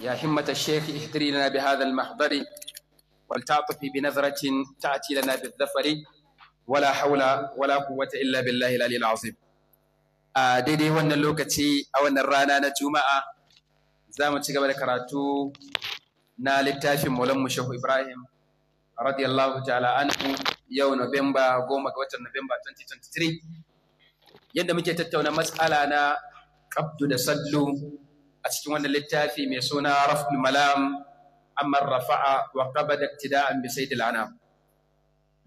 يا همة الشيخ اهدري لنا بهذا المحضر ولتعطف بنظرة تأتي لنا بالظفر ولا حول ولا قوة إلا بالله العلي العظيم daidai wannan lokaci a wannan rana na juma'a za mu ci gaba da karatu na littafin maulan shehu ibrahim radiyallahu ta'ala anhu yau novemba goma ga 2023 yadda muke tattauna matsala na kabdu da sallu a cikin wannan littafi mai suna rafin malam amman rafa'a wa da iktida'an bi sayyidil anam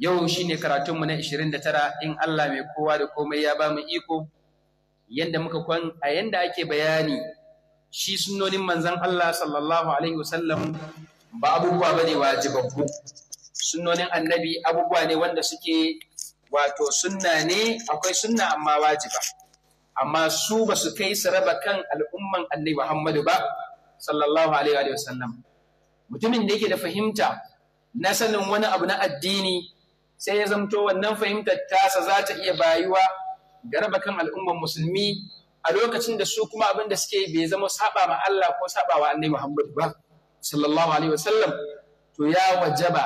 yau shi karatun mu na 29 in Allah mai kowa da komai ya ba mu iko Yadda muka kwan a yanda ake bayani shi sunonin manzan Allah sallallahu alaihi wasallam ba abubuwa ba ne wajibabbu sunonin annabi abubuwa ne wanda suke wato sunna ne akwai sunna amma wajiba amma su ba su kai su raba kan al'umman annabi Muhammadu ba sallallahu alaihi wa sallam mutumin da yake da fahimta na sanin wani abu na addini sai ya zamto wannan fahimtar tasa za ta iya bayuwa ga raba kan al'umman musulmi a lokacin da su kuma abin da suke bai zama saba ma Allah ko saba wa annabi Muhammadu ba sallallahu alaihi sallam. to ya wajaba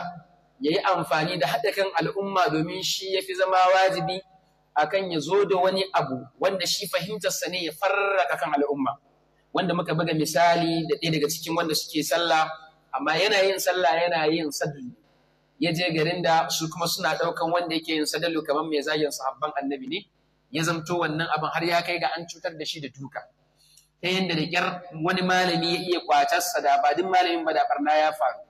yayi amfani da haɗa kan al'umma domin shi yafi zama wajibi akan ya zo da wani abu wanda shi fahimtarsa ne ya farraka kan al'umma wanda muka buga misali da ɗaya daga cikin wanda suke sallah amma yana yin sallah yana yin sadlu ya je garin da su kuma suna ɗaukan wanda yake yin sadalu kamar mai zagin sahabban annabi ne ya zamto wannan abin har ya kai ga an cutar da shi da duka ta yadda da kyar wani malami ya iya kwatarsa da ba duk malamin ba da barna ya faru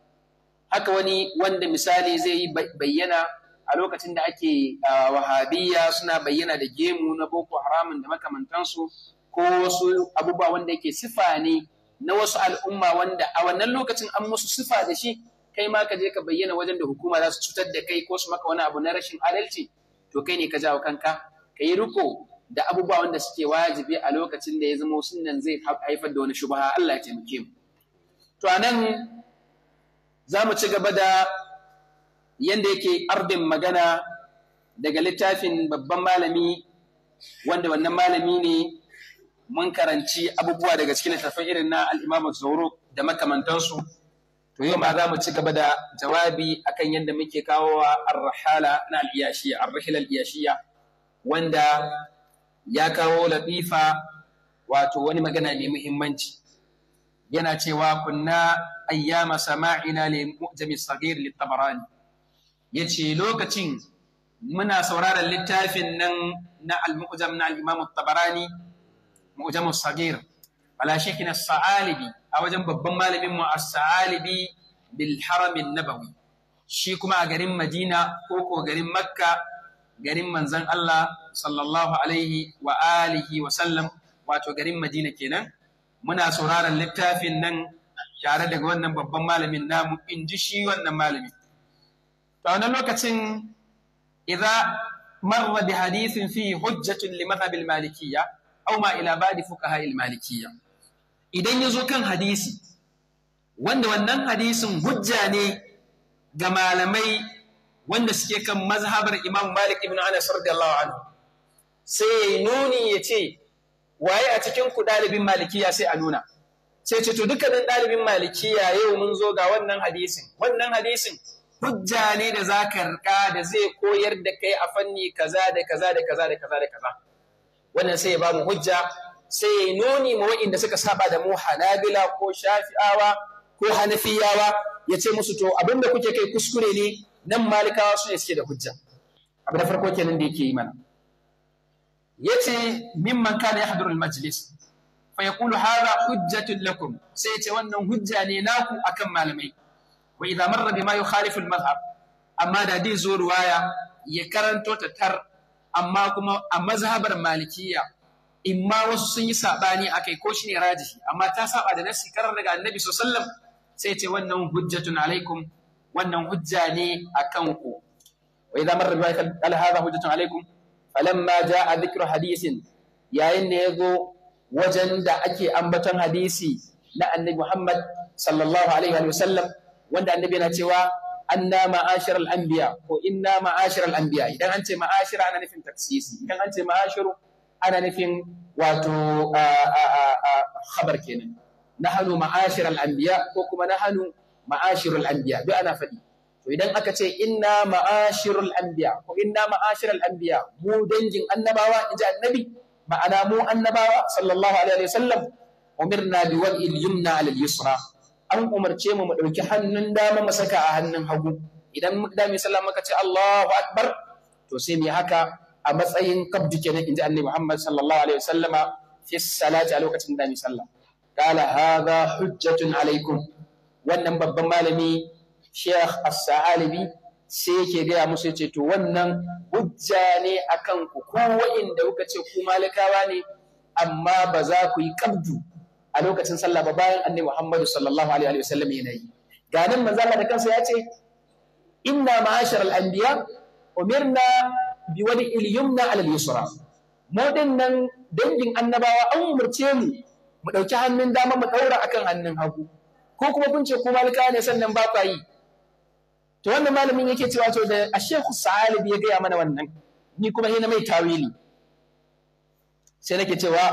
haka wani wanda misali zai yi bayyana a lokacin da ake wahabiyya suna bayyana da gemu na boko haramun da makamantansu ko wasu abubuwa wanda yake sifa ne na wasu al'umma wanda a wannan lokacin an musu sifa da shi kai ma ka je ka bayyana wajen da hukuma za su cutar da kai ko su maka wani abu na rashin adalci to kai ne ka jawo kanka ka yi riko da abubuwa wanda suke wajibi a lokacin da ya zama sunan zai haifar da wani shubaha Allah ya taimake mu to anan za mu ci gaba da yanda yake ardin magana daga littafin babban malami wanda wannan malami ne mun karanci abubuwa daga cikin littafin irin na al'imamu zauro da makamantansu to yau ma za mu ci gaba da jawabi akan yadda muke wa arrahala na al'iyashiya arrahila al'iyashiya wanda ya kawo latifa wato wani magana mai muhimmanci yana cewa kunna ayyama sama'ina li mu'jami saghir li tabarani ya ce lokacin muna sauraron littafin nan na al-mu'jam na al-imam tabarani mu'jam sagir ala na sa'alibi a wajen babban malamin mu a saalibi bil haram nabawi shi kuma a garin madina ko ko garin makka garin Manzan Allah sallallahu alaihi wa alihi wa sallam wato garin madina kenan muna sauraron littafin nan tare daga wannan babban malamin namu in ji shi wannan malamin ta wani lokacin idan marra bi hadithin fi hujjatun li madhhabil malikiyya aw ma ila ba'di fuqaha'il malikiyya idan yazo kan hadisi wanda wannan hadisin hujja ne ga malamai wanda suke kan mazhabar Imam Malik ibn Anas radiyallahu anhu sai nuni yace waye a cikin ku dalibin malikiya sai a nuna sai ce to dukkanin dalibin malikiya yau mun zo ga wannan hadisin wannan hadisin hujja ne da za ka riƙa da zai koyar da kai a fanni kaza da kaza da kaza da kaza da kaza wannan sai ya ba mu hujja sai ya nuni ma waɗanda suka saba da mu hanabila ko shafi'awa ko hanafiyawa ya ce musu to abinda kuke kai kuskure ne nan malikawa su ne suke da hujja abu na farko kenan da yake yi mana ya ce mimman kana ya hadurul majlis fa yaqulu hadha hujjatun lakum sai ya ce wannan hujja ne naku akan malamai wa idza marra bima yukhalifu al-madhhab amma da dai zo ruwaya ya karanto ta tar amma kuma a mazhabar malikiya ma wasu sun yi sabani akai ko shine rajihi amma ta saba da nasi karar daga annabi sallallahu alaihi wasallam sai ce wannan hujjatun alaikum wannan hujja ne akan ku wa idza marra bima qala hadha hujjatun alaikum falamma jaa dhikru hadisin yayin da yazo wajen da ake ambaton hadisi na annabi Muhammad sallallahu alaihi wa sallam. wanda annabi yana cewa anna ma'ashir al-anbiya ko inna ma'ashir al-anbiya idan an ce ma'ashir ana nufin taksisi idan an ce ma'ashiru ana nufin wato khabar kenan nahnu ma'ashir al-anbiya ko kuma nahnu ma'ashir al-anbiya duk ana faɗi to idan aka ce inna ma'ashir al-anbiya ko inna ma'ashir al-anbiya mu dangin annabawa inji annabi ma'ana mu annabawa sallallahu alaihi wa wasallam umirna biwal yumna al-yusra an umarce mu mu ɗauki hannun dama mu saka a hannun hagu idan muka dami sallah muka ce Allahu akbar to sai mu haka a matsayin kabdi kenan inji annabi Muhammad sallallahu alaihi wasallama fi salati a lokacin da mu sallah qala hadha hujjatun alaikum wannan babban malami Sheikh As-Sa'alibi sai yake gaya musu ce to wannan hujja ne akan ku ko wa'inda kuka ce ku malikawa ne amma ba za ku yi kabdu a lokacin sallah ba bayan annabi Muhammadu sallallahu alaihi wa sallam yana yi ga nan manzo Allah da kansa ya ce inna ma'ashar al-anbiya umirna bi wadi al-yumna ala al-yusra mu dangin annabawa an umurce mu mu dauki hannun dama mu daura akan hannun hagu ko kuma kun ce ko malika ne sannan ba ku yi to wannan malamin yake cewa to da Sheikh Sa'alib ya gaya mana wannan ni kuma hina mai tawili sai nake cewa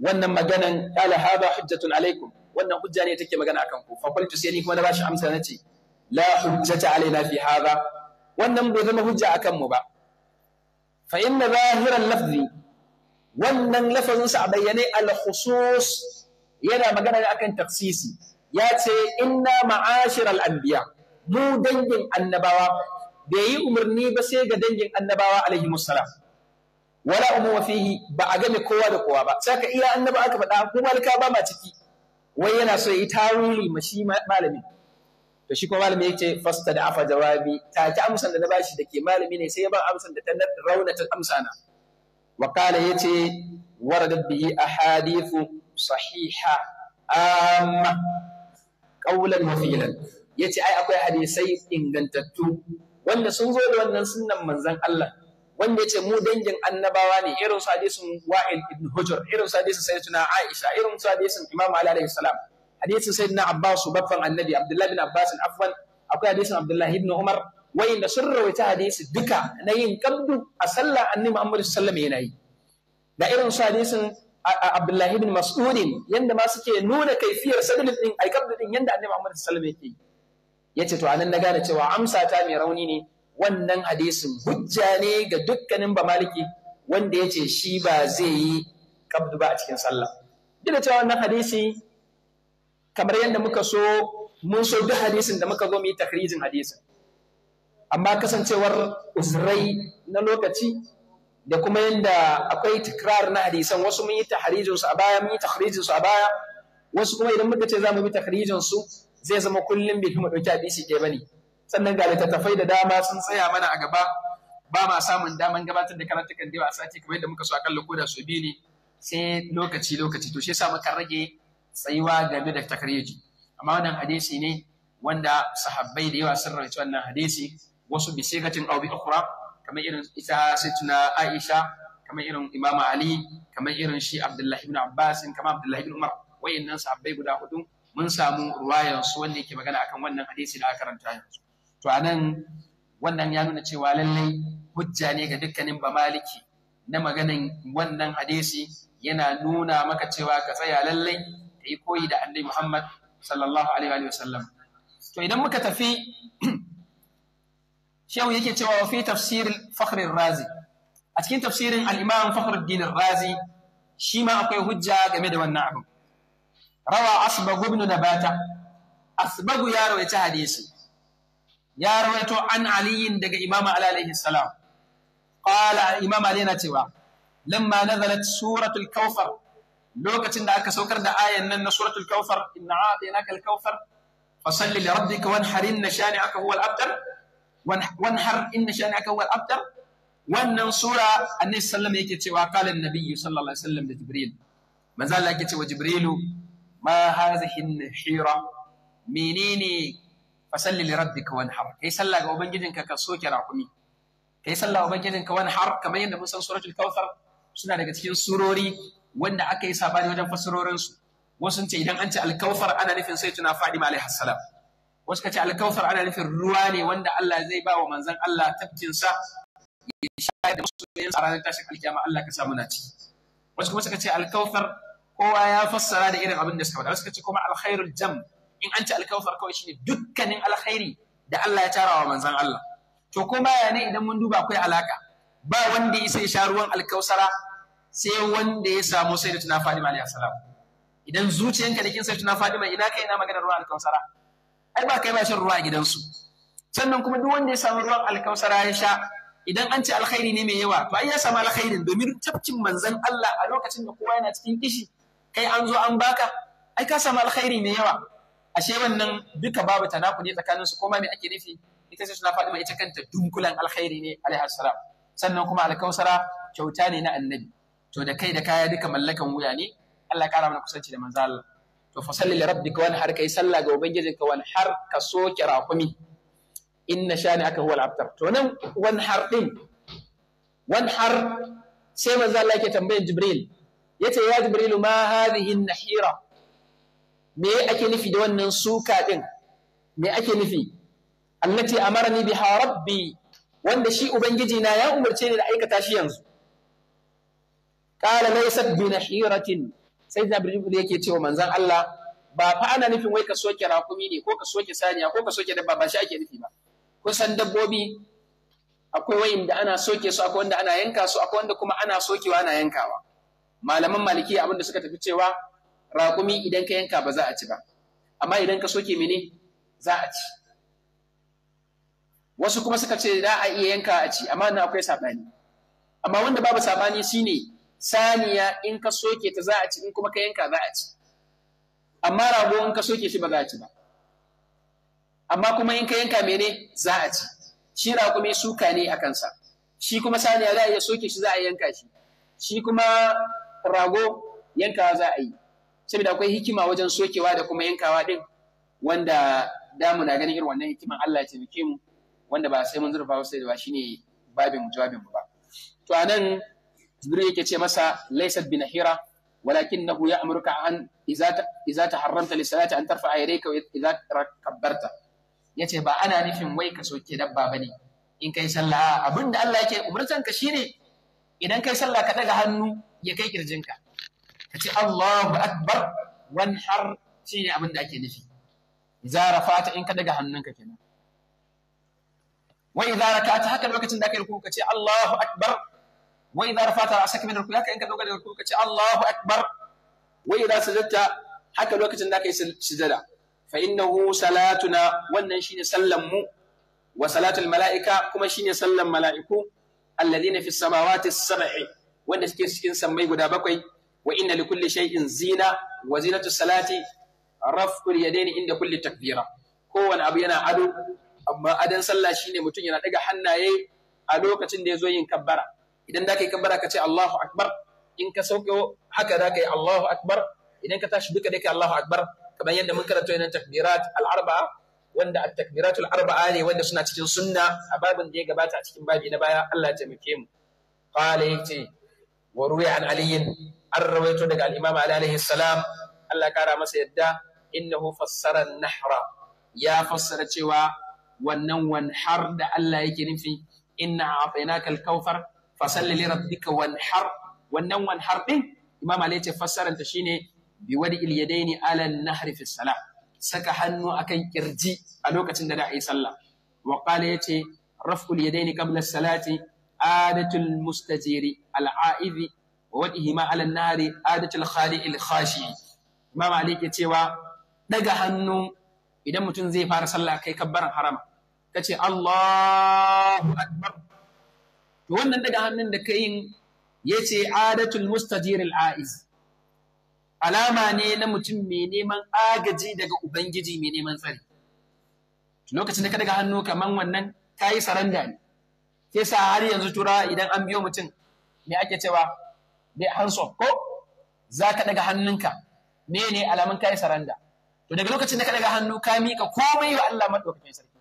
wannan maganan qala hada hujjatun alaikum wannan hujja ne take magana akan ku fa qultu sai ni kuma na bashi amsa nace la hujjata alaina fi hada wannan bai zama hujja akan mu ba fa inna zahiran lafzi wannan lafazin sa bayyane al khusus yana magana ne akan taksisi ya ce inna ma'ashiral al anbiya mu dangin annabawa bai yi umarni ba sai ga dangin annabawa alaihi musallam wala umma fihi ba a game kowa da kowa ba saka iya annaba aka faɗa ko malika ba ma ciki wai yana so yi tarihi ma shi malami to shi kuma malami yace fasta da afa jawabi ta ki amsan da na bashi dake malami ne sai ya ba amsan da ta rauna ta amsana wa qala yace waradat bihi ahadithu sahiha amma qawlan wa fi'lan yace ai akwai hadisai ingantattu wanda sun zo da wannan sunnan manzon Allah wanda yace mu dangin annabawa ne irin su hadisin Wa'il ibn Hujr irin su hadisin Sayyidatuna Aisha irin su hadisin Imam Ali alayhi salam hadisin Sayyidina Abbas babban Annabi Abdullah ibn Abbas afwan akwai hadisin Abdullah ibn Umar da sun rawaita hadisi duka na yin kabdu a sallah Annabi Muhammad sallallahu alaihi yana yi da irin su hadisin Abdullah ibn Mas'ud yanda ma suke nuna kaifiyar sadalin din aikabdu din yanda Annabi Muhammad sallallahu alaihi yake yi yace to anan na gane cewa amsa ta mai rauni ne wannan hadisin hujja ne ga dukkanin ba maliki wanda ya ce shi ba zai yi kabdu ba a cikin sallah duk da cewa wannan hadisi kamar yadda muka so mun so duk hadisin da muka zo mu yi takrijin hadisin amma kasancewar uzrai na lokaci da kuma yadda akwai tikrar na hadisan wasu mun yi tahrijin su a baya mun yi tahrijin su a baya wasu kuma idan muka ce za mu bi tahrijin su zai zama kullum bai kuma ɗauki hadisi ba ne. sannan ga littattafai da dama sun tsaya mana a gaba ba ma samun daman gabatar da karatukan da yawa a sati kamar yadda muka so akalla ko da su biyu ne sai lokaci lokaci to shi yasa muka rage tsayuwa game da takariji amma wannan hadisi ne wanda sahabbai da yawa sun rawaita wannan hadisi wasu bi sigatin aw bi ukhra kamar irin ita sayyidina Aisha kamar irin Imam Ali kamar irin shi Abdullahi ibn Abbas kamar Abdullahi ibn Umar wayannan sahabbai guda hudu mun samu ruwayan su wanda yake magana akan wannan hadisi da aka karanta yanzu to a nan, wannan ya nuna cewa lallai hujja ne ga dukkanin bamaliki na maganin wannan hadisi yana nuna maka cewa ka tsaya lallai ka yi koyi da annabi Muhammad sallallahu alaihi wa sallam to idan muka tafi shehu yake cewa wa fi tafsirin fakhrin razi a cikin tafsirin al'imam fakhruddin razi shi ma akwai hujja game da wannan abu rawa asbagu ibn nabata asbagu ya rawaita hadisi ya rawaito an aliyin daga imam ali alaihi salam qala imam ali yana cewa lamma nazalat suratul kawfar lokacin da aka saukar da ayan nan na suratul kawfar inna a'tainaka al-kawfar fasalli li rabbika wanhar inna shani'aka huwa al-abtar wanhar inna shani'aka huwa al-abtar wannan sura annabi sallallahu yake cewa qala an-nabiy sallallahu alaihi wasallam da jibril manzo Allah yake cewa jibrilu ma hadhihi an-hira menene fasalli li rabbika wanhar kai sallah ga ubangijinka ka soke rakumi kai sallah ubangijinka wanhar kamar yadda mun san suna daga cikin surori wanda aka yi sabani wajen fassarorin su wasu ce idan an ce alkausar ana nufin sai tuna fadima alaihi salam wasu kace alkausar ana nufin ruwa ne wanda Allah zai ba wa manzon Allah tafkin sa ya sha da musulmin tsara ranar tashin alkiyama Allah ka samu na ci wasu kuma suka ce alkausar kowa ya fassara da irin abin da suka faɗa wasu kace kuma alkhairul jam' in an ci alkawthar kawai ne dukkanin alkhairi da Allah ya tara wa manzon Allah to ko baya ne idan mun duba akwai alaka ba wanda ya sai sha ruwan alkausara sai wanda ya samu sai da tuna Fadima alayhi salam idan zuciyanka da kin sai Fadima ina kai ina magana ruwan alkausara ai ba kai ba shan ruwa a gidansu sannan kuma duk wanda ya samu ruwan alkausara ya sha idan an ce alkhairi ne mai yawa to ai ya samu alkhairin domin tafkin manzon Allah a lokacin da kowa yana cikin kishi kai an zo an baka ai ka samu alkhairi mai yawa ashe wannan duka babu tanaku ne tsakanin su kuma me ake nufi ita ce suna Fatima ita kanta dunkulan alkhairi ne alaihi assalam sannan kuma alkausara kyauta ne na annabi to da kai da kaya duka mallakan wuya ne Allah ya kara mana kusanci da manzo Allah to fa salli li rabbika wanhar kai sallah ga ubangijinka wanhar ka soke rakumi inna shani aka huwa al-abtar to nan wanhar din wanhar sai manzo Allah yake tambayar Jibril yace ya Jibrilu ma hadhihi an-nahira me ake nufi da wannan suka din me ake nufi allati amarni biha rabbi wanda shi ubangiji na ya umarce ni da aikata shi yanzu qala laysat bi nahiratin sayyidina ibrahim yake cewa manzon Allah ba fa ana nufin wai ka soke rakumi ne ko ka soke saniya ko ka soke dabba ba shi ake nufi ba kusan dabbobi akwai wayin da ana soke su akwai wanda ana yanka su akwai wanda kuma ana sokewa ana yankawa malaman maliki abinda suka tafi cewa raƙumi idan ka yanka ba za a ci ba amma idan ka soke mene za a ci wasu kuma suka ce za a iya yanka a ci amma na akwai saɓani amma wanda babu saɓani shine saniya in ka soke ta za a ci in kuma ka yanka za a ci amma rago in ka soke shi ba za a ci ba amma kuma in ka yanka mene za a ci shi raƙumi suka ne a kansa shi kuma saniya za a iya soke shi za a yanka shi shi kuma rago yanka za a yi saboda akwai hikima wajen sokewa da kuma yankawa din wanda damu na ganin irin wannan hikiman Allah ya taimake mu wanda ba sai mun zurfa wasu ba shine babin jawabin ba to anan Jibril yake ce masa laysat binahira ولكنه يأمرك عن haramta, إذا تحرمت للصلاة أن ترفع يديك وإذا rakabarta yace ba ana nufin wai ka soke dabba bane in kai sallah abinda Allah yake umurtan ka shine idan kai sallah ka daga hannu ya kai kirjinka ka ce Allahu akbar Wani har shi ne abin da ake nufi idza rafa'ata in ka daga hannunka kenan wa idza ta haka lokacin da aka yi ruku ka ce Allahu akbar Wai idza rafa'ata ra'saka min ruku haka in ka doga daga ruku ka ce Allahu akbar Wai idza sajadta haka lokacin da aka yi sujada fa innahu salatuna wannan shine sallan mu wa salatul mala'ika kuma shine sallan mala'iku alladhina fis samawati as-sab'i wanda suke cikin sammai guda bakwai wa inna li kulli shay'in zina wa zinatu salati raf'ul yadaini inda kulli takbira kowane abu yana ado amma adan sallah shine mutum yana daga hannaye a lokacin da ya zo yin kabbara idan da kai kabbara ka ce Allahu akbar in ka sauko haka da yi Allahu akbar idan ka tashi duka da kai Allahu akbar kamar yadda mun karanta yana takbirat al-arba'a wanda takbirat al-arba'a ne wanda suna cikin sunna a babin da ya gabata a cikin babi na baya Allah ya taimake mu qala yace wa ruwi an aliyin an rawaito daga al-imam ali alaihi salam Allah kara masa yadda innahu fassara nahra ya fassara cewa wannan wanhar da Allah yake nufi inna a'tainaka al-kawthar fasalli li rabbika wanhar wannan wanhar din imam ali ce fassaran ta shine bi wadi al ala an-nahri fi salah saka hannu akan kirji a lokacin da da'i sallah wa qala yace raf'ul yadaini qabla as-salati adatul mustajiri al-a'izi wadihima ala nari adatul khali'il khashi imam ali ke cewa daga hannu idan mutum zai fara sallah kai kabbaran harama kace Allahu to wannan daga hannun da kai yace adatul mustajir al aiz alama ne na mutum mai neman agaji daga ubangiji mai neman tsari lokacin da ka daga hannu kaman wannan kayi saranda ne sai sa har yanzu tura idan an biyo mutum me ake cewa dai hands up ko za ka daga hannunka mene alamun kai saranda to daga lokacin da ka daga hannu ka mika komai wa Allah madaukakin sarki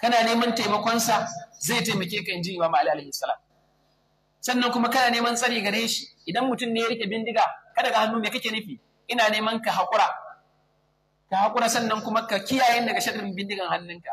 kana neman taimakonsa zai taimake ka inji Imam Ali alaihi salam sannan kuma kana neman tsari gare shi idan mutum ne ya rike bindiga ka daga hannu me kake nufi ina neman ka hakura ka hakura sannan kuma ka kiyaye daga sharrin bindigan hannunka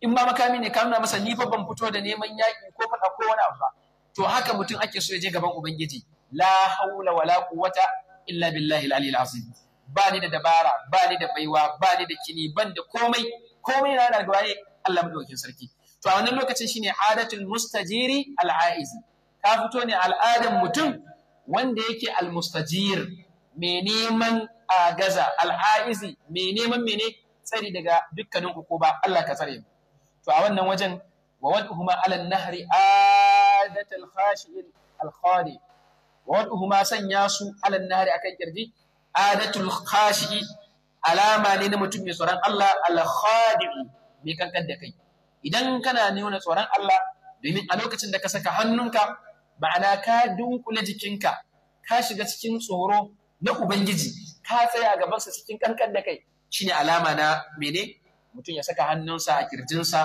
in ba makami ne ka nuna masa ni fa ban fito da neman yaƙi ko faɗa ko wani abu ba to haka mutum ake so ya je gaban ubangiji la haula wala quwwata illa billahi al-aliyyil azim ba ni da dabara ba ni da baiwa ba ni da kini ban da komai komai na daga waye Allah madaukakin sarki to a wannan lokacin shine adatul mustajiri al aizi ka fito ne al'adan mutum wanda yake al-mustajir mai neman agaza al-aizi mai neman mene tsari daga dukkanin hukuma Allah ka tsare mu to a wannan wajen wa wadhuma ala nahri a al khashi'il al-khali huma sanya su ala nari akan kirji adatul khashi'i alama ne na mutum mai tsoron Allah al khali mai kankan da kai idan kana nuna tsoron Allah domin a lokacin da ka saka hannunka ma'ana ka dunkule jikinka ka shiga cikin tsoro na ubangiji ka tsaya a gabansa cikin kankan da kai shine alama na mene mutum ya saka hannunsa a kirjinsa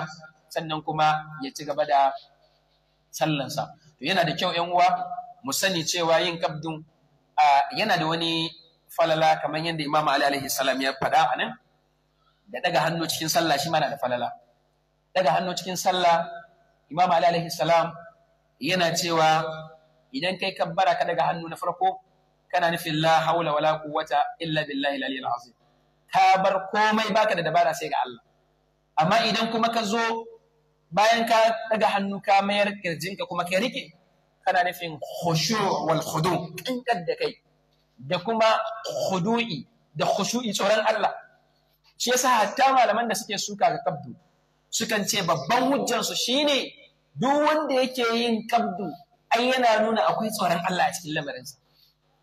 sannan kuma ya ci gaba da sallansa to yana da kyau yan uwa mu sani cewa yin kabdu yana da wani falala kamar yadda Imam Ali alaihi salam ya faɗa a nan da daga hannu cikin sallah shi mana da falala daga hannu cikin sallah Imam Ali alaihi salam yana cewa idan kai kabbara ka daga hannu na farko kana nufin la haula wala quwwata illa billahi al-aliyyil azim ka bar komai baka da dabara sai ga Allah amma idan kuma ka zo bayan ka daga hannu ka mayar kirjinka kuma ka rike kana nufin khushu wal khudu kinkar da kai da kuma khudu'i da khushu'i tsoron Allah shi yasa hatta malaman da suke suka ga kabdu sukan ce babban hujjar su shine duk wanda yake yin kabdu ai yana nuna akwai tsoron Allah a cikin lamarinsa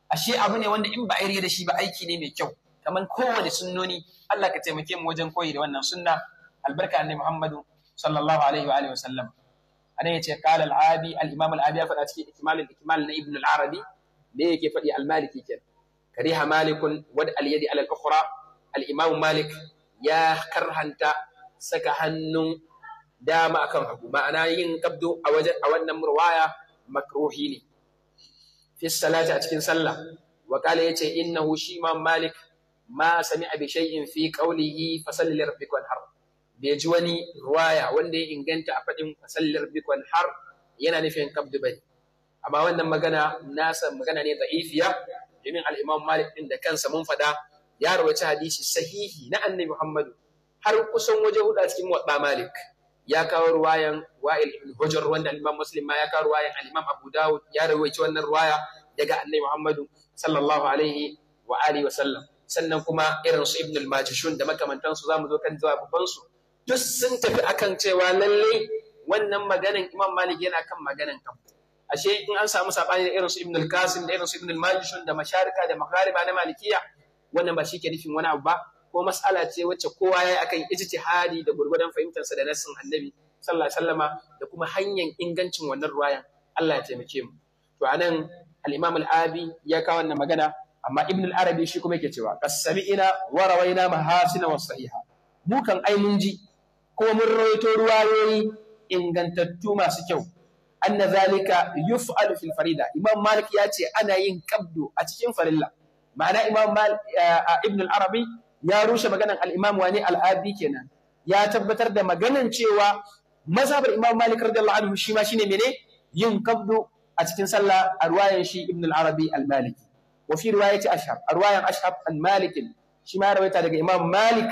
ashe abu ne wanda in ba a da shi ba aiki ne mai kyau kamar kowane sunnoni Allah ka taimake mu wajen koyi da wannan sunna albarka annabi Muhammadu sallallahu alaihi wa alihi wa sallam anan yace qala al-abi al-imam al-abi ya faɗa cikin ikmal al-ikmal na ibn al-arabi da yake faɗi al-maliki ken kariha malikun wad al-yadi al-ukhra al-imam malik ya karhanta saka hannun dama akan hagu ma'ana yin kabdu a wajen a wannan murwaya makruhi ne fi salati a cikin sallah wa qala yace innahu shi ma malik ma sami bi shay'in fi qawlihi yi salli li rabbika wanhar bai ji wani ruwaya wanda ya inganta a faɗin fasallar bikon har yana nufin kabdu bai amma wannan magana nasa magana ne za'ifiya. domin al'imam malik ɗin da kansa mun faɗa ya rawaci hadisi sahihi na annabi muhammadu har kusan waje hudu a cikin wadda malik ya kawo ruwayan wa'il ibn hujjar wanda muslim ma ya kawo ruwayan al abu dawud ya rawaci wannan ruwaya daga annabi muhammadu sallallahu alaihi wa alihi wa sallam sannan kuma irin su ibn al-majishun da makamantansu zamu zo kan jawabban babbansu. duk sun tafi akan cewa lallai wannan maganan Imam Malik yana kan maganan kan ashe in an samu sabani da irin su Ibn al-Qasim da irin su Ibn al-Majishun da masharika da maghariba na Malikiya wannan ba shi ke nufin wani abu ba ko mas'ala ce wacce kowa yayi akan ijtihadi da gurgurdan sa da nassin Annabi sallallahu alaihi wasallama da kuma hanyar ingancin wannan ruwayan Allah ya taimake mu to anan al-Imam al-Abi ya kawo wannan magana amma ibn al-arabi shi kuma yake cewa qasami'ina wa rawaina mahasina was sahiha mu kan ai mun ji ko mun rawaito ruwayoyi ingantattu masu kyau anna zalika yuf'alu fil farida imam malik ya ce ana yin qabdu a cikin farilla ma'ana imam eh, eh, ibn al-arabi ya rushe maganan al-imam wani al-abi kenan ya tabbatar da maganan cewa mazhabar imam malik radiyallahu anhu shi ma shine mene yin qabdu a cikin sallah a ruwayan shi ibn al-arabi al-maliki wa fi riwayati ashhab a ruwayan ashhab an malik shi ma rawaita daga imam malik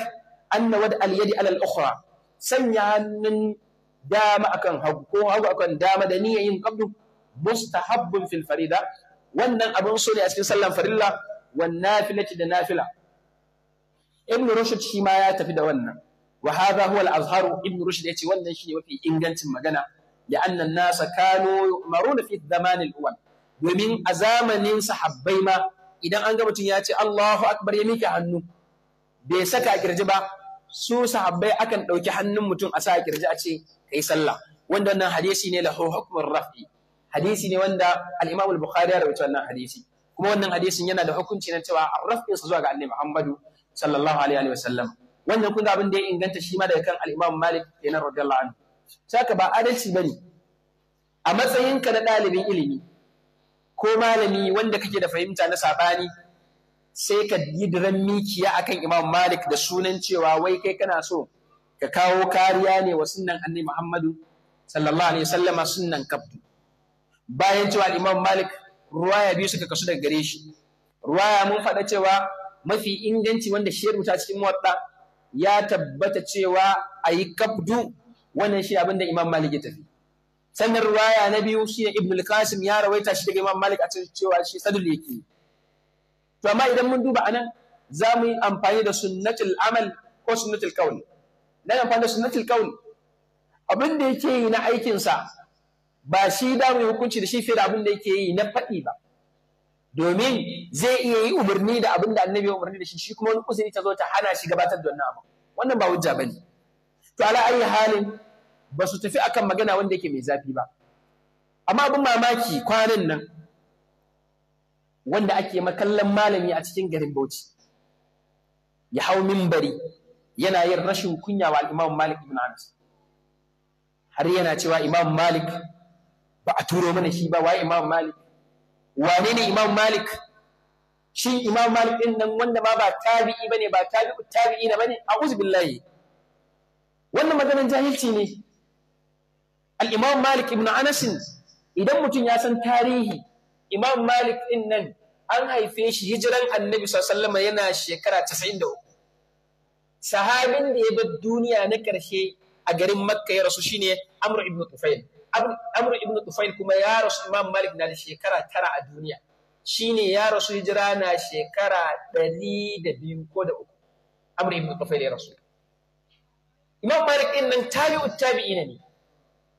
anna wad al-yadi ala al-ukhra sanya hannun dama akan hagu ko hagu akan dama da niyyar yin qabdu mustahabbun fil farida wannan abun so ne a cikin sallan farilla wan nafilati da nafila ibn rushd shi ma ya tafi da wannan wa hadha huwa al azhar ibn rushd yace wannan shine mafi ingancin magana ya anna an-nas kanu yu'maruna fi zaman al-awwal domin a zamanin sahabbai ma idan an ga mutum ya ce Allahu akbar ya miƙe hannu bai saka kirji ba su sahabbai akan ɗauki hannun mutum a sa kirji a ce ka yi sallah wanda wannan hadisi ne lahu hukmun rafi hadisi ne wanda al-Imam al-Bukhari ya rawaito wannan hadisi kuma wannan hadisin yana da hukunci na cewa rafi sa zuwa ga Annabi Muhammadu sallallahu alaihi wa sallam wannan kun ga abin da ya inganta shi ma daga kan al-Imam Malik kenan radiyallahu anhu saka ba adalci bane a matsayinka na ɗalibin ilimi ko malami wanda kake da fahimta na sabani sai ka yi diran mikiya akan Imam Malik da sunan cewa wai kai kana so ka kawo kariya ne wa sunan Annabi Muhammadu sallallahu alaihi wasallama sunan kabdu bayan cewa Imam Malik ruwa bi biyu suka kasu daga gare shi ruwaya mun faɗa cewa mafi inganci wanda shi rubuta cikin muwatta ya tabbata cewa a yi kabdu wannan shi abin da Imam Malik ya tafi sannan ruwaya na biyu shi Ibn al-Qasim ya rawaita shi daga Imam Malik a cikin cewa shi sadul yake to amma idan mun duba anan za mu yi amfani da sunnatul amal ko sunnatul kaul na amfani da sunnatul kaul abin da yake yi na aikinsa ba shi da mu hukunci da shi fi da abin da yake yi na faɗi ba domin zai iya yi umarni da abin da annabi ya umarni da shi shi kuma wani kusuri ta zo ta hana shi gabatar da wannan abu wannan ba hujja bane to ala ayi halin ba su tafi akan magana wanda yake mai zafi ba amma abin mamaki kwanan nan wanda ake makallan malami a cikin garin Bauchi ya hau minbari yana yin rashin kunya wa Imam Malik ibn Anas har yana cewa Imam Malik ba a turo mana shi ba wa Imam Malik wane ne Imam Malik shin Imam Malik din nan wanda ma ba tabi'i bane ba tabi'u tabi'i na bane a'udhu billahi wannan maganar jahilci ne al-Imam Malik ibn Anas idan mutum ya san tarihi imam malik din nan an haife shi hijiran annabi sallallahu yana shekara 93 sahabin da ya bar duniya na ƙarshe a garin makka ya rasu shine amr ibn tufail amr ibn tufail kuma ya rasu imam malik na da shekara tara a duniya Shi ne ya rasu hijira na shekara 102 ko da uku amr ibn tufail ya rasu imam malik din nan tabi'ut tabi'ina ne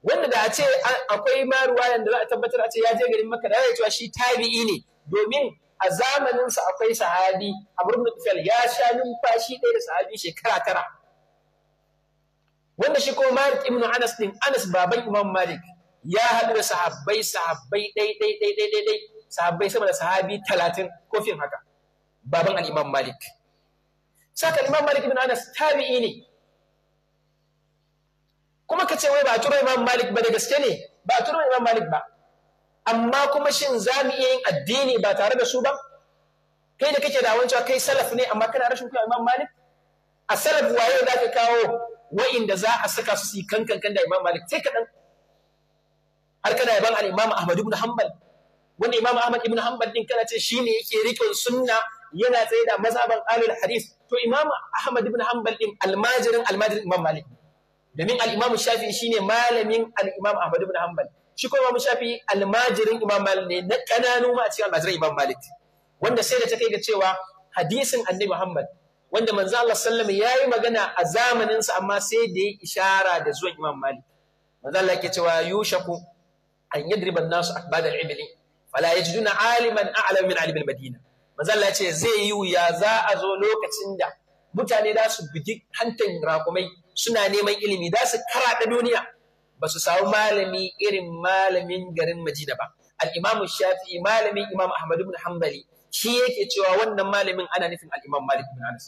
wanda da a ce akwai ma ruwayan da za a tabbatar a ce ya je garin makka da ya cewa shi tabi'i ne domin a zamaninsa akwai sahabi amr ibn tufel ya sha numfashi ɗaya da sahabi shekara tara wanda shi ko malik ibn anas din anas baban imam malik ya haɗu da sahabbai sahabbai ɗai ɗai ɗai ɗai ɗai sahabbai sama da sahabi talatin ko fin haka baban al-imam malik saka imam malik ibn anas tabi'i ne kuma ka ce wai ba a turo imam malik ba da gaske ne ba a turo imam malik ba amma kuma shin za mu iya yin addini ba tare da su ba kai da kake da wancan kai salaf ne amma kana rashin kuwa imam malik a salaf waye za ka kawo wa'inda za a saka su su yi kankan kan da imam malik sai kaɗan har kana yaban al imam ahmad ibn hanbal wanda imam ahmad ibn hanbal din kana ce shi ne yake riƙe sunna yana tsaye da mazhaban alul hadis, to imam ahmad ibn hanbal din almajirin almajirin imam malik domin al-Imam shine malamin Al'imam Ahmadu bin ibn Hanbal shi kuma almajirin Imam Malik ne na kananu ma a cikin almajirin Imam Malik wanda sai da ta kai ga cewa hadisin Annabi Muhammad wanda manzo Allah sallallahu alaihi yayi magana a zamanin sa amma sai da ya ishara da zuwan Imam Malik manzo Allah yake cewa yushaku an yadriba an-nasu akbad al-ibli fala yajiduna aliman a'lam min alim al-madina manzo Allah ce zai yi wuya za a zo lokacin da mutane za su bugi hantan rakumai suna neman ilimi za su karaɗa duniya ba su samu malami irin malamin garin Majina ba al shafi Shafi'i malamin Imam Ahmad ibn Hanbali shi yake cewa wannan malamin ana nufin al Malik ibn Anas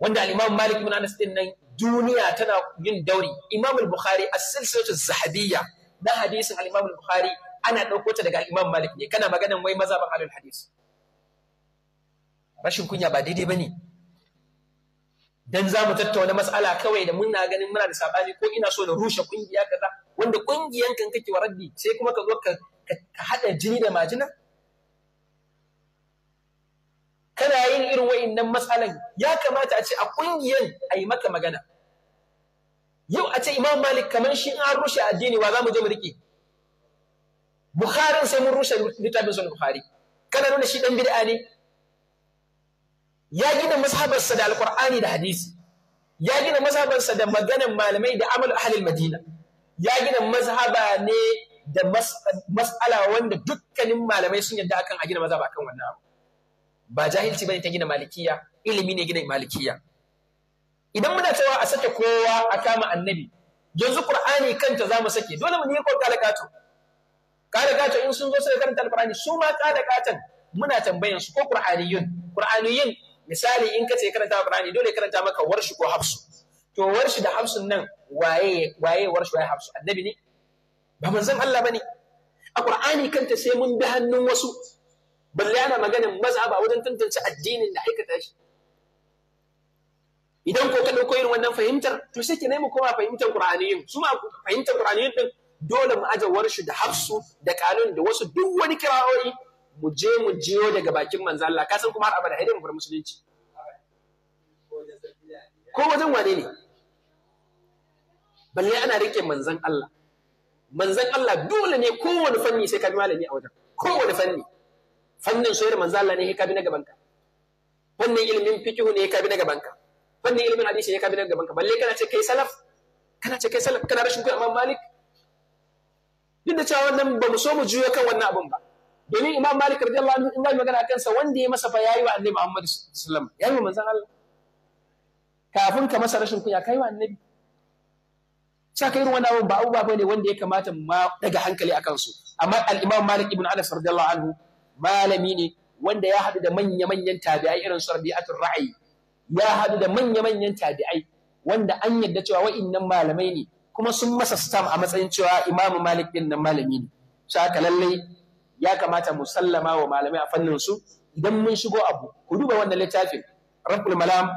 wanda al Malik ibn Anas din nan duniya tana yin dauri Imam al-Bukhari as-silsilatu zahabiyya na hadisin al-Imam bukhari ana dauko ta daga al Malik ne kana maganan wai mazhaban al-hadis rashin kunya ba daidai ne. dan za mu tattauna matsala kawai da muna ganin muna da sabani ko ina so na rushe kungiya kaza wanda kungiyan kan kake waraddi sai kuma ka zo ka hada jini da majina kana yin irin wa'annan matsalan ya kamata a ce a kungiyan a maka magana yau a ce imam malik kamar shi an rushe addini wa za mu je mu rike Buharin sai mun rushe littafin sunan buhari. kana nuna shi ɗan bid'a ne ya gina mashabarsa da alkur'ani da hadisi ya gina mazhabarsa da maganan malamai da amal ahlul madina ya gina mazhaba ne da mas'ala wanda dukkanin malamai sun yadda akan a gina mazhaba kan wannan abu ba jahilci bane ta gina malikiya ilimi ne gina malikiya idan muna cewa a sake kowa a kama annabi yanzu qur'ani kanta zamu sake dole mu yi kokala kato kala in sun zo su karanta alqur'ani su ma kala muna tambayan su ko qur'aniyun qur'aniyun misali in ka ce karanta Qur'ani dole karanta maka warshi ko hafsu to warshi da hafsun nan waye waye warshi waye hafsu annabi ne ba manzon Allah bane a Qur'ani kanta sai mun bi hannun wasu balle ana maganin mazhaba wajen tantance addinin da aikata shi idan ko ka dauko irin wannan fahimtar to sai ke mu koma fahimtar Qur'aniyin su ma fahimtar Qur'aniyin din dole mu aje warshi da hafsu da kanun da wasu duk wani kira'o'i mu je mu jiyo daga bakin manzo Allah ka san kuma har abada idan mu bar musulunci ko wajen wane ne balle ana rike manzon Allah manzon Allah dole ne kowane fanni sai ka bi malami a wajen kowane fanni fannin soyayyar manzo Allah ne ka bi na gaban ka fannin ilimin fiqh ne ka bi na gaban ka fannin ilimin hadisi ne ka bi na gaban ka balle kana ce kai salaf kana ce kai salaf kana rashin kai amma malik duk da cewa wannan ba mu so mu juyo kan wannan abun ba domin imam malik radiyallahu anhu in zai magana a kansa wanda ya masa fa yayi wa annabi muhammad sallallahu alaihi wasallam manzon Allah kafin ka masa rashin kunya kai wa annabi saka irin wannan abun ba bane wanda ya kamata ma daga hankali akan su amma al-imam malik ibn anas radiyallahu anhu malami ne wanda ya hadu da manya-manyan tabi'ai irin su rabi'atul ra'ayi, ya hadu da manya-manyan tabi'ai wanda an yadda cewa wa'innan malamai ne kuma sun masa stam a matsayin cewa Imam malik din nan malami ne saka lallai ya kamata mu sallama wa malamai a fannin su idan mun shigo abu ku duba wannan littafin rabbul malam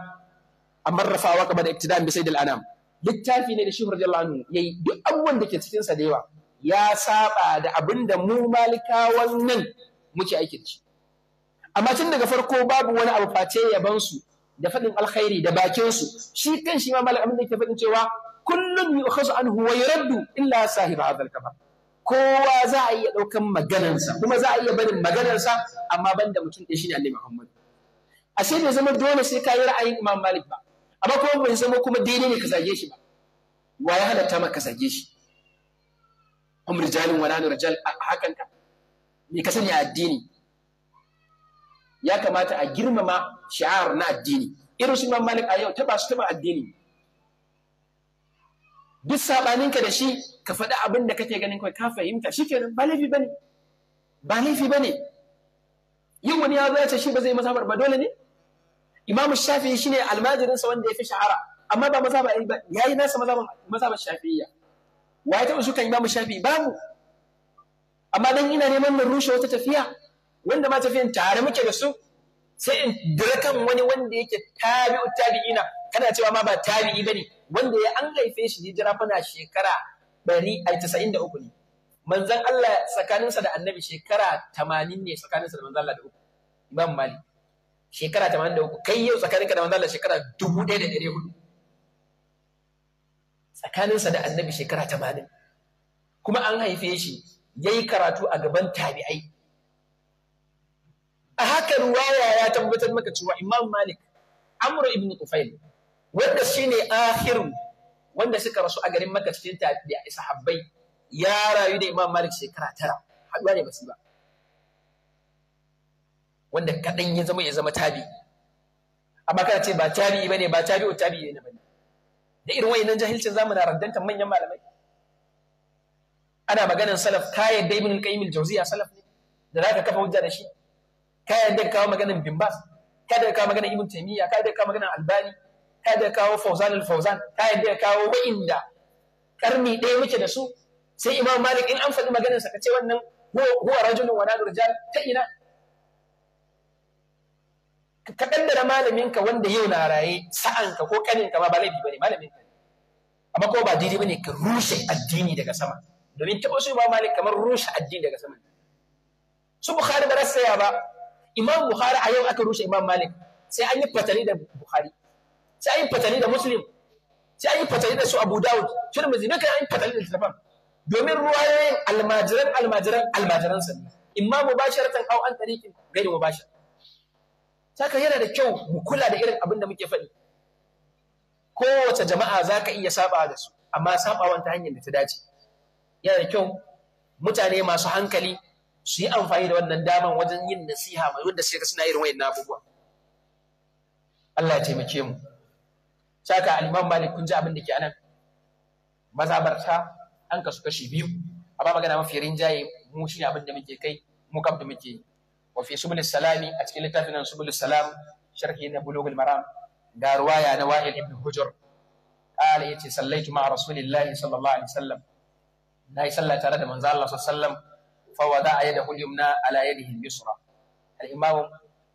amman rafawa kama da iktidam bi sayyidil anam littafi ne da shi radiyallahu anhu yayi duk abubuwan da ke cikin sa da yawa ya saba da abin da mu malikawan nan muke aikin shi amma tun daga farko babu wani abu face yaban su da faɗin alkhairi da bakin su shi kan shi ma malamin da ke faɗin cewa kullun yu'khazu anhu wa yuraddu illa sahib hadha al kowa za a iya ɗaukan maganarsa kuma za a iya barin maganarsa amma ban da mutum ɗaya shi ne annabi Muhammad ashe bai zama dole sai ka yi ra'ayin Imam Malik ba amma kuma bai zama kuma daidai ne ka zage shi ba wa ya halatta maka zage shi hum rijalun wala rijal hakan ka me ka sani addini ya kamata a girmama shi'ar na addini irin su Imam Malik a yau ta ba su taba addini duk saɓaninka da shi ka faɗi abin da kake ganin kawai ka fahimta shi nan ba laifi ne? ba laifi ne? yin wani yawon ya ce shi ba zai masa ba dole ne imam shi ne almajirinsa wanda ya fi shahara amma ba maza ba Ya yi nasa ba shafiya wa ya taɓa suka imam ba babu amma dan ina neman na rushe wata tafiya wanda ma tafiyan tare muke da su sai in dira kan wani wanda yake tabi'u tabi'ina kana cewa ma ba tabi'i ne. wanda ya an haife shi hijira fana shekara 193 ne Manzan Allah tsakaninsa da annabi shekara 80 ne tsakaninsa da manzan Allah da uku Imam Malik shekara 83 kai yau tsakaninka da manzan Allah shekara 1400 tsakaninsa da annabi shekara 80 kuma an haife shi yayi karatu a gaban tabi'ai a haka ruwaya ya tabbatar maka cewa Imam Malik Amr ibn Tufail wanda shine akhir wanda suka rasu a garin Makka cikin sahabbai ya rayu da Imam Malik shekara tara haɗuwa ne basu ba wanda kaɗan ya zama ya zama tabi amma kana ce ba tabi bane ba o tabi ne bane da irin wayannan jahilcin zamu na manyan malamai ana maganar salaf ka yadda ibn al-qayyim al-jawziya salaf ne da zaka kafa hujja da shi ka yadda ka kawo maganar bin bas ka yadda ka kawo maganar ibn taymiya ka yadda ka kawo maganar albani ta da kawo fauzan al-fauzan ta da kawo wa'inda karni ɗaya muke da su sai imam malik in an faɗi maganar sa kace wannan huwa rajulun wa nadu rijal ta ina ka kaddara malamin ka wanda yau na raye sa'an ka ko kanin ka ba ba laifi bane malamin ka amma ko ba daidai bane ka rushe addini daga sama domin taɓa su imam malik kamar rushe addini daga sama su bukhari ba rasaya ba imam bukhari a yau aka rushe imam malik sai an yi fatali da bukhari sai an yi fatali da muslim sai an yi da su abu dawud tirmidhi duka an yi fatali da littafan domin ruwayoyin almajiran almajiran almajiran sun imma mubasharatan aw an tariqin gairi mubashar saka yana da kyau mu kula da irin abin da muke faɗi kowace jama'a za ka iya saba da su amma saba ta hanyar da ta dace yana da kyau mutane masu hankali su yi amfani da wannan daman wajen yin nasiha mai wanda sai ka suna irin wayan abubuwa Allah ya taimake mu saka al-imam malik kun ji abin da ke anan mazabarta an kasu kashi biyu amma magana mafi rinjaye mu shi abin da muke kai mu kam da muke wa fi subul salami a cikin littafin nan salam sharhi na bulugul maram ga ruwaya na wa'il ibn hujr qala yace sallaitu ma'a rasulillahi sallallahu alaihi wasallam nayi sallah tare da manzo Allah sallallahu alaihi wasallam fa wada'a yadahu al-yumna ala yadihi al-yusra al-imam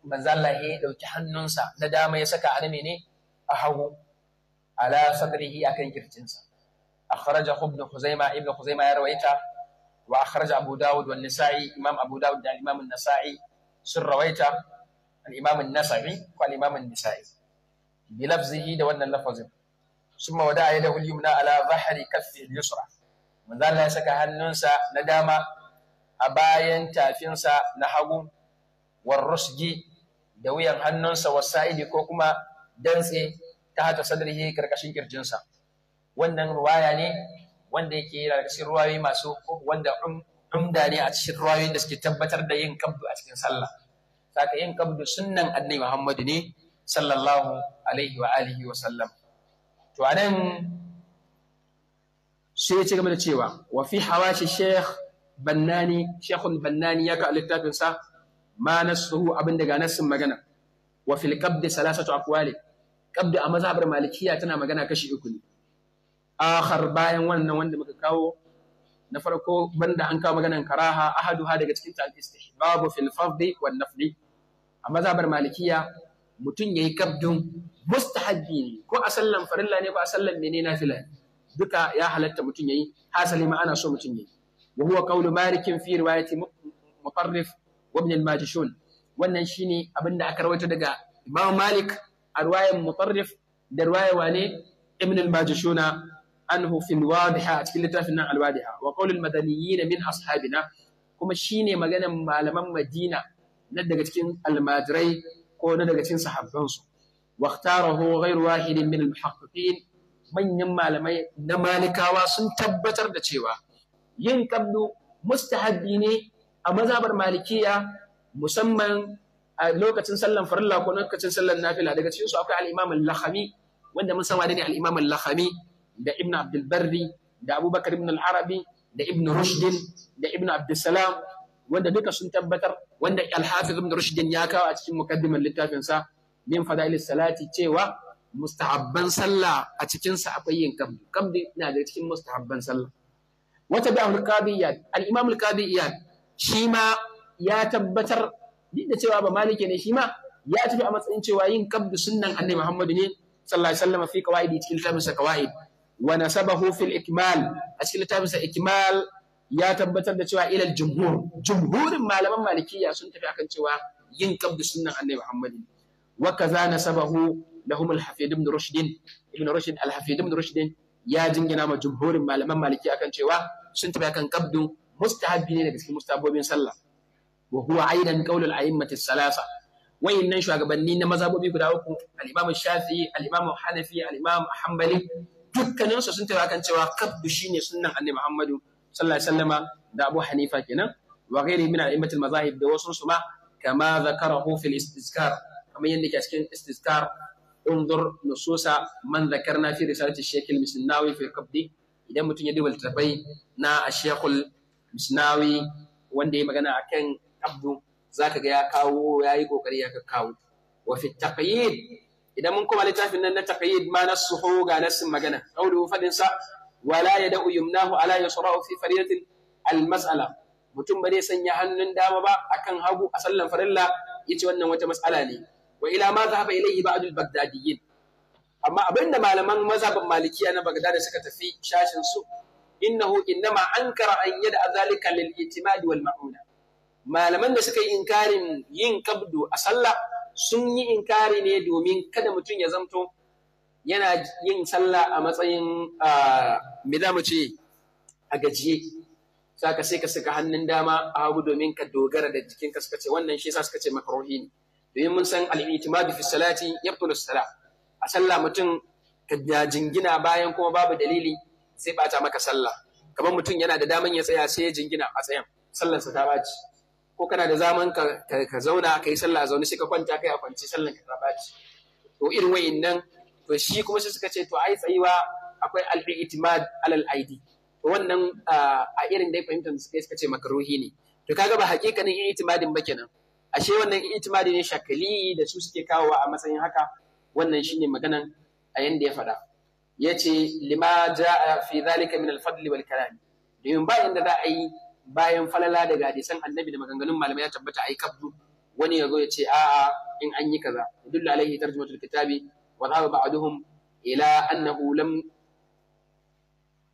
manzo Allah ya dauki hannunsa na dama ya saka a ne a hagu ala sadrihi akan kirjinsa akhraja ibn khuzaima ibn khuzaima ya rawaita wa akhraja abu daud wal nisa'i imam abu daud da imam an-nasa'i sun rawaita al-imam an-nasa'i ko al-imam an-nisa'i bi lafzihi da wannan lafazin summa wada'a yadahu al-yumna ala dhahri kaffi al-yusra manzo Allah ya saka hannunsa na dama a bayan tafinsa na hagu war rusgi da wuyan hannunsa wasa'idi ko kuma dantse ta hata yi karkashin kirjinsa wannan ruwaya ne wanda yake daga cikin ruwayoyi masu wanda um, umda ne a cikin ruwayoyin da suke tabbatar da yin kabdu a cikin sallah saka yin kabdu sunnan annabi Muhammadu ne sallallahu alaihi wa alihi wa sallam to anan sai ya ci gaba da cewa wa fi hawashi sheikh bannani sheikhul bannani ya ka littafin sa ma nasu abin daga nasin magana wa fil qabdi salasatu aqwali kabda a mazhabar malikiya tana magana kashi uku ne akhar bayan wannan wanda muka kawo na farko banda an kawo maganan karaha ha daga cikin ta istihbab fil fardhi wan nafli a mazhabar malikiya mutum yayi kabdun mustahabbi ne ko a sallan farilla ne ko a sallan mene nafila duka ya halatta mutum yayi hasali ma ana so mutum yayi wa huwa qawlu malikin fi riwayati mufarrif wa ibn al-majishun wannan shine abinda aka rawaito daga Imam Malik a ruwayan mutarrif da ruwaya wane ibn al-majishuna anhu fil wadiha a cikin littafin nan al-wadiha wa qawlul madaniyyin min ashabina kuma shine maganan malaman Madina na daga cikin almajirai ko na daga cikin sahabbansu wa ikhtarahu ghayru wahidin min al manyan malamai na malikawa sun tabbatar da cewa yin kabdu mustahabbi ne a mazhabar malikiya musamman a lokacin sallan farilla ko lokacin sallan nafila daga cikinsu akwai al-imam wanda mun sama da ne al-imam da ibn abdul da abubakar ibn al da ibn rushdin da ibn Abdulsalam, wanda duka sun tabbatar wanda al-hafiz ibn rushdin ya kawo a cikin muqaddimar littafin sa min fada'il salati cewa mustahabban sallah a cikin sa akwai yin kabdu kabdu na daga cikin mustahabban sallah wata da al-qadiyyat al-imam al-qadiyyat shi ma ya tabbatar duk da cewa ba malike ne shi ma ya tafi a matsayin cewa yin kabdu sunnan annabi Muhammadu ne sallallahu alaihi wasallam fi qawaidi cikin littafin sa qawaid wa nasabahu fil ikmal a cikin littafin sa ikmal ya tabbatar da cewa ilal jumhur jumhurin malaman malikiya sun tafi akan cewa yin kabdu sunnan annabi Muhammadu wa kaza nasabahu lahum al-hafid ibn rushd ibn rushd al-hafid ibn rushd ya jingina ma jumhurin malaman maliki akan cewa sun tafi akan kabdu mustahabbi ne daga cikin mustahabbobin sallah wa huwa aidan qaulul a'immati salasa wayannan shugabanni na mazhabobi guda uku al-imam shafi'i al-imam hanafi al-imam hanbali dukkanin su sun tafi kan cewa kabdu ne sunnan annabi muhammadu sallallahu alaihi wasallama da abu hanifa kenan wa ghairi min al-a'immati al-mazahib wasu su ma kama zakarahu fil istizkar kamar yadda ke cikin istizkar انظر نصوص من ذكرنا في رسالة الشيخ المسناوي في قبضي idan mutum ya duba littattafai na a shekul misnawi wanda ya magana akan abdu zaka ga ya kawo yayi kokari ya kawo wa fi taqyid idan mun koma littafin nan na taqyid ma nasuhu ga nasin magana qawluhu fadin sa wala yad'u yumnahu ala yasra'u fi faridatin al mutum ba zai sanya hannun dama ba akan hagu a sallan farilla yace wannan wata mas'ala ne wa ila ma zahaba ilayhi ba'd al-baghdadiyyin amma abinda malaman mazhabin malikiya na Baghdad suka tafi shashin su innahu innama ankara an yada zalika lil itimadi wal ma'una malaman da suka yi inkarin yin kabdu a sallah sun yi inkari ne domin kada mutum ya zamto yana yin sallah a matsayin me za mu ce a gajiye saka sai ka saka hannun dama a hagu domin ka dogara da jikinka suka ce wannan shi yasa suka ce makarohi ne domin mun san al fi salati yabtulu salah a sallah mutum ka jingina bayan kuma babu dalili sai bata maka sallah kamar mutum yana da daman ya tsaya sai ya jingina a tsayan sallarsa ta baci ko kana da zaman ka zauna ka yi sallah zaune sai ka kwanta kai a kwance sallan ka zaba ci to irin nan, to shi kuma sai suka ce to ai tsayuwa akwai al-i'timad alal id to wannan a irin dai fahimtar suka suka ce makruhi ne to kaga ba hakikanin i'timadin ba kenan ashe wannan i'timadi ne shakali da su suke kawowa a matsayin haka wannan shine maganan a yanda ya faɗa yace lima jaa fi zalika min al-fadl wal kalam domin ba inda za a yi bayan falala da daga hadisan annabi da maganganun malamai ya tabbata ai kabdu wani yazo ya ce a'a in an yi kaza dullu alaihi tarjumatul kitabi wa dhaba ba'duhum ila annahu lam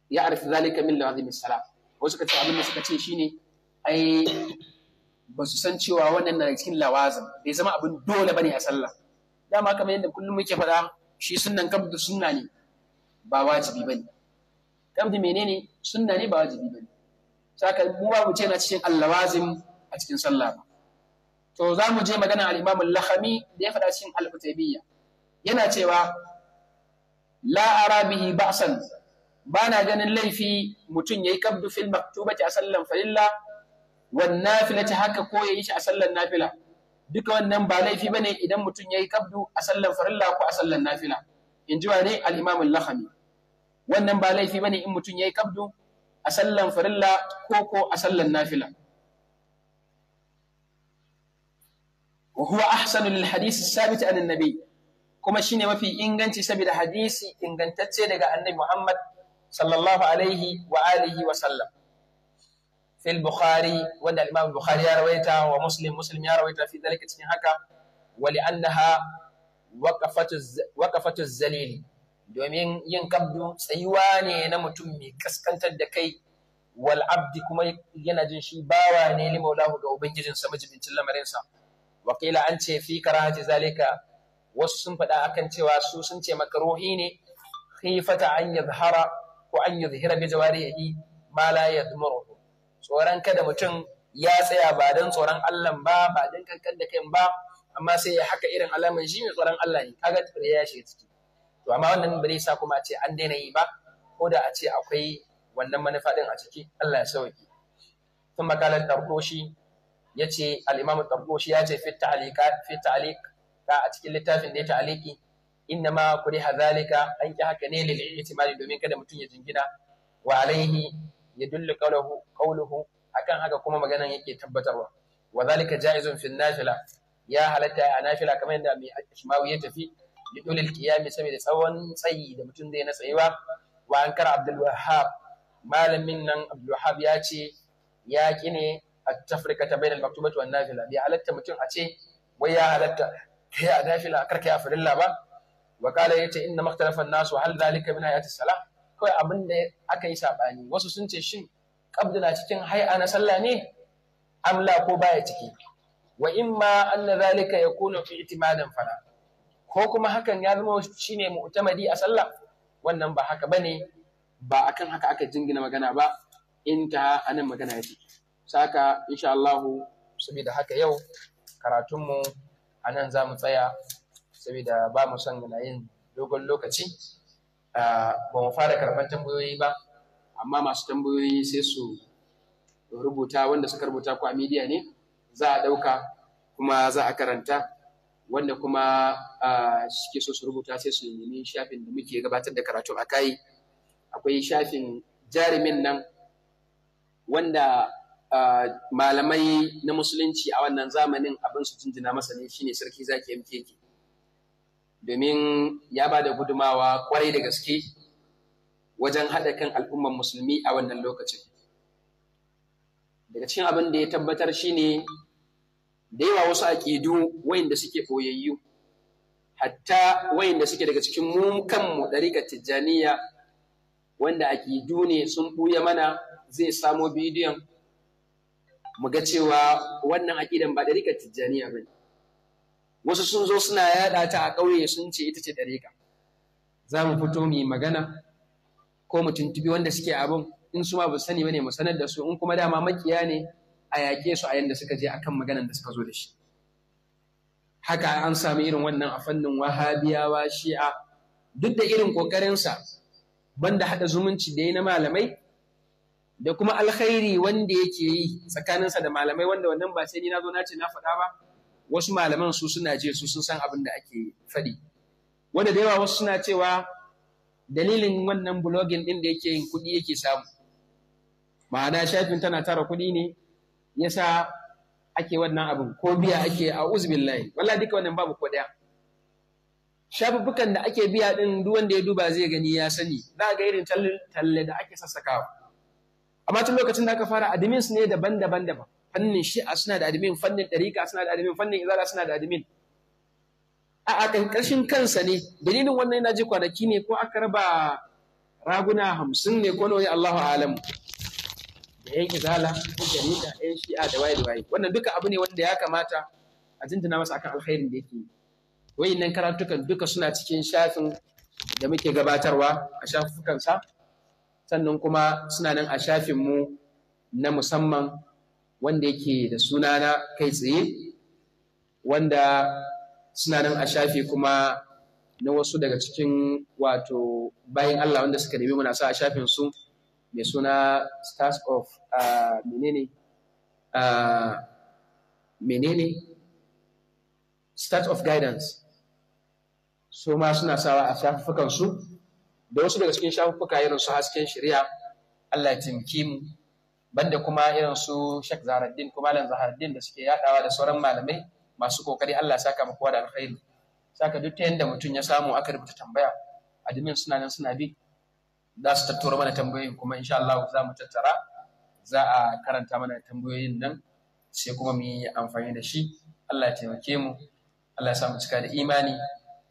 ya'rif zalika min lazim salam wasu kace abin da suka ce shine ai ba su san cewa wannan na cikin lawazim bai zama abin dole bane a sallah dama kamar yadda kullum muke faɗa shi sunnan kabdu sunna ne ba wajibi bane kabdu menene sunna ne ba wajibi bane saka mu ba mu ce na cikin allawazim a cikin sallah ba to za mu je magana al-imam al da ya faɗa cikin al-qutaybiyya yana cewa la bihi ba'san ba na ganin laifi mutum yayi kabdu fil maktubati a sallan farilla wan nafilati haka ko yayi shi a sallan nafila duka wannan ba laifi bane idan mutum yayi kabdu a sallan farilla ko a sallan nafila in ji wane al-imam al wannan ba laifi bane in mutum yayi kabdu a sallan farilla ko ko a sallan nafila wa huwa ahsanu lil hadisi sabit an annabi kuma shine mafi inganci saboda hadisi ingantacce daga annabi Muhammad sallallahu alaihi wa alihi wa sallam fil bukhari wanda al-imam bukhari ya rawaita wa muslim muslim ya rawaita fi dalika cikin haka wa li'annaha waqafatu waqafatu zalili domin yin kabdu tsayuwa ne na mutum mai kaskantar da kai wal'abdi kuma yana jin shi bawa ne li maulahu ga ubangijin sa majibincin lamarin wakila an ce fi karahati zalika wasu sun faɗa akan cewa su sun ce ruhi ne khifata an zahara ko an yadhhira bi jawarihi ma la yadmuru tsoron kada mutum ya tsaya ba don tsoron Allah ba ba don kankan da kai ba amma sai ya haka irin alaman shi mai tsoron Allah ne kaga ya shiga ciki to amma wannan ba zai sa kuma a ce an daina yi ba ko da a ce akwai wannan manufa din a ciki Allah ya sauki tun makalar tarkoshi ya ce al'imamu tarkoshi ya ce fi ka a cikin littafin da ya ta'aliki inna ma kuri hazalika an ki haka ne lil itimali domin kada mutum ya jingina wa alaihi ya dullu qawluhu akan haka kuma maganan yake tabbatarwa wa zalika jaizun fi nafila ya halatta a nafila kamar yadda mai ashmawi ya tafi li dulil qiyami saboda tsawon tsayi da mutum zai na tsayuwa wa an kar malamin nan Abdul Wahhab ya ce ya ki ne at-tafrika ta bainal maktubati wan nafila bi halatta mutum a ce wai ya halatta kai a nafila karka ya farilla ba wa kala yace inda makhtalafa an-nasu hal zalika min hayati salah kawai abin da aka yi sabani wasu sun ce shin Kabdu na cikin hay'a na sallah ne amla ko baya ciki wa imma ya zalika yakunu fi itimadan fala ko kuma hakan ya zama shine mu'tamadi a sallah wannan ba haka bane ba akan haka aka jingina magana ba In ta anan magana yake saka insha Allah saboda haka yau karatunmu anan zamu tsaya saboda ba mu son ga yin dogon lokaci ba mu fara karban tambayoyi ba amma masu tambayoyi sai su rubuta wanda suka rubuta ku a midiya ne za a ɗauka kuma za a karanta wanda kuma suke so su rubuta sai su nemi shafin da muke gabatar da karatu a kai akwai shafin jarumin nan wanda malamai na musulunci a wannan zamanin abin su jinjina masa ne shine sarki zaki mkeke domin ya ba da gudumawa kwarai da gaske wajen haɗa kan al'umman musulmi a wannan lokacin daga cikin abin da ya tabbatar shine da yawa wasu aƙidu wayanda suke koyayyu hatta wayanda suke daga cikin mu kanmu ɗariƙar tijjaniya wanda aƙidu ne sun ɓuya mana zai samo bidiyon mu ga cewa wannan aƙidan ba ɗariƙar tijjaniya ba ne wasu sun zo suna yaɗa ta a ƙauye sun ce ita ce ɗariƙa za mu fito mu yi magana ko mu tuntubi wanda suke abin in su ma ba sani ba ne mu sanar da su in kuma dama makiya ne a yaƙe su a yanda suka je akan maganan da suka zo da shi haka an sami irin wannan a fannin wahabiyawa shi'a duk da irin ƙoƙarinsa banda haɗa zumunci da ya na malamai da kuma alkhairi wanda yake yi tsakaninsa da malamai wanda wannan ba sai ni na zo na ce na faɗa ba wasu malaman su suna je su sun san abin da ake faɗi wanda da yawa wasu suna cewa dalilin wannan blogging ɗin da yake yin kuɗi yake samu ma'ana shafin tana tara kuɗi ne yasa ake wannan abin ko biya ake a uzbillahi Wala duka wannan babu ko daya shafuffukan da ake biya din duk wanda ya duba zai gani ya sani za ga irin talle da ake sassakawa amma tun lokacin da aka fara su ne daban-daban daban fannin shi'a suna da admin fannin ɗarika suna da admin fannin izara suna da admin a ƙarƙashin kansa ne dalilin wannan yana ji kwanaki ne ko aka raba raguna hamsin ne ko nawa Allahu alamu da yan izala da jarida yan shi'a da waye da waye wannan duka abu ne wanda ya kamata a jinjina masa akan alkhairin da yake yi wayannan karatukan duka suna cikin shafin da muke gabatarwa a sa sannan kuma suna nan a shafin mu na musamman wanda yake da suna sunana kai tsaye wanda suna nan a shafi kuma na wasu daga cikin wato bayan Allah wanda suka nemi muna sa a shafin su mai suna stars of ah, menene ah, menene stars of guidance su ma suna sawa a shafukansu da wasu daga cikin shafuka irin su hasken shari'a Allah ya taimake mu banda kuma irin su Sheikh Zaharuddin kuma Malam Zaharuddin da suke yadawa da sauran malamai masu kokari Allah ya saka mu kowa da alkhairi saka duk ta yanda mutum ya samu aka rubuta tambaya admin suna nan suna bi za su tattara mana tambayoyin kuma insha Allah za mu tattara za a karanta mana tambayoyin nan sai kuma mu yi amfani da shi Allah ya taimake mu Allah ya sa mu cika da imani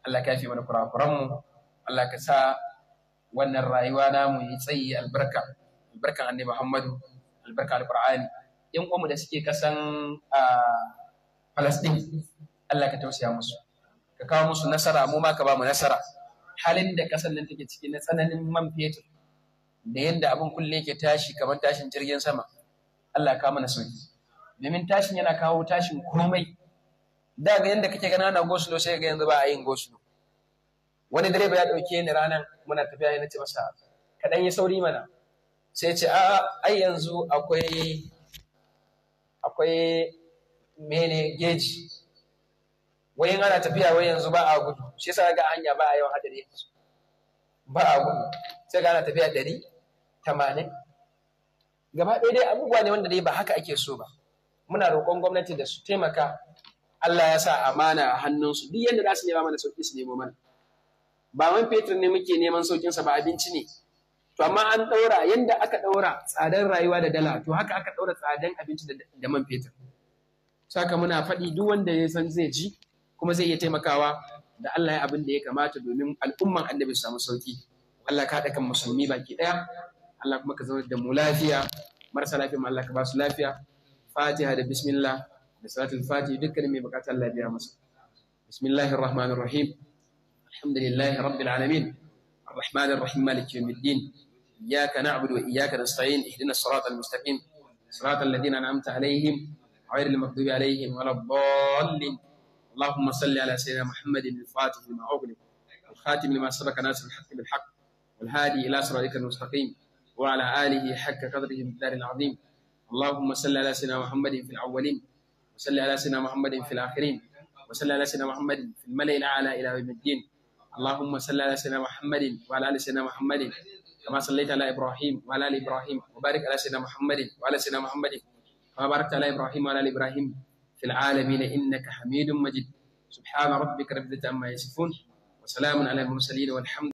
Allah ka yafe mana kurakuran mu Allah ka sa wannan rayuwa mu yi tsayi albarka albarkan annabi Muhammadu albarka alqur'ani yan uwanmu da suke kasan a Palestine Allah ka tausaya musu ka kawo musu nasara mu ma ka ba mu nasara halin da kasan nan take ciki na tsananin man fetur da yadda abin kulle ke tashi kamar tashin jirgin sama Allah ka mana sauki domin tashin yana kawo tashin komai da ga yadda kake gana ana gosulo sai ga yanzu ba a yin gosulo wani direba ya ɗauke ni ranar muna tafiya ya ce masa kaɗan yi sauri mana sai ce a ai yanzu akwai akwai mene geji wai in ana tafiya wai yanzu ba a gudu shi yasa ga hanya ba a yawan hadari yanzu ba a gudu sai ga ana tafiya ɗari tamanin gaba ɗaya dai abubuwa ne wanda dai ba haka ake so ba muna roƙon gwamnati da su taimaka Allah ya sa amana a hannunsu duk yadda za su nema mana sauƙi su nemo mana ba man fetur ne muke neman sa ba abinci ne to amma an ɗaura yadda aka ɗaura tsadar rayuwa da dala to haka aka ɗaura tsadan abinci da man fetur saka muna faɗi duk wanda ya san zai ji kuma zai iya taimakawa da Allah ya abin da ya kamata domin al'umman annabi su samu sauki Allah ka haɗa kan musulmi baki ɗaya Allah kuma ka zama da mu lafiya marasa lafiya ma Allah ka ba su lafiya fatiha da bismillah da salatul fatiha dukkanin mai bukatar Allah biya masa bismillahir rahmanir rahim alhamdulillahi rabbil alamin الرحمن الرحيم مالك يوم الدين إياك نعبد وإياك نستعين اهدنا الصراط المستقيم صراط الذين أنعمت عليهم غير المغضوب عليهم ولا الضالين اللهم صل على سيدنا محمد الفاتح لما أغلق الخاتم لما سبق ناصر الحق بالحق والهادي إلى صراطك المستقيم وعلى آله حق قدره بالدار العظيم اللهم صل على سيدنا محمد في الأولين وصل على سيدنا محمد في الآخرين وصل على سيدنا محمد في الملأ الأعلى إلى يوم الدين اللهم صل على سيدنا محمد وعلى آل سيدنا محمد كما صليت على إبراهيم وعلى آل إبراهيم وبارك على سيدنا محمد وعلى سيدنا محمد كما باركت على إبراهيم وعلى آل إبراهيم في العالمين إنك حميد مجيد سبحان ربك رب العزة عما يصفون وسلام على المرسلين والحمد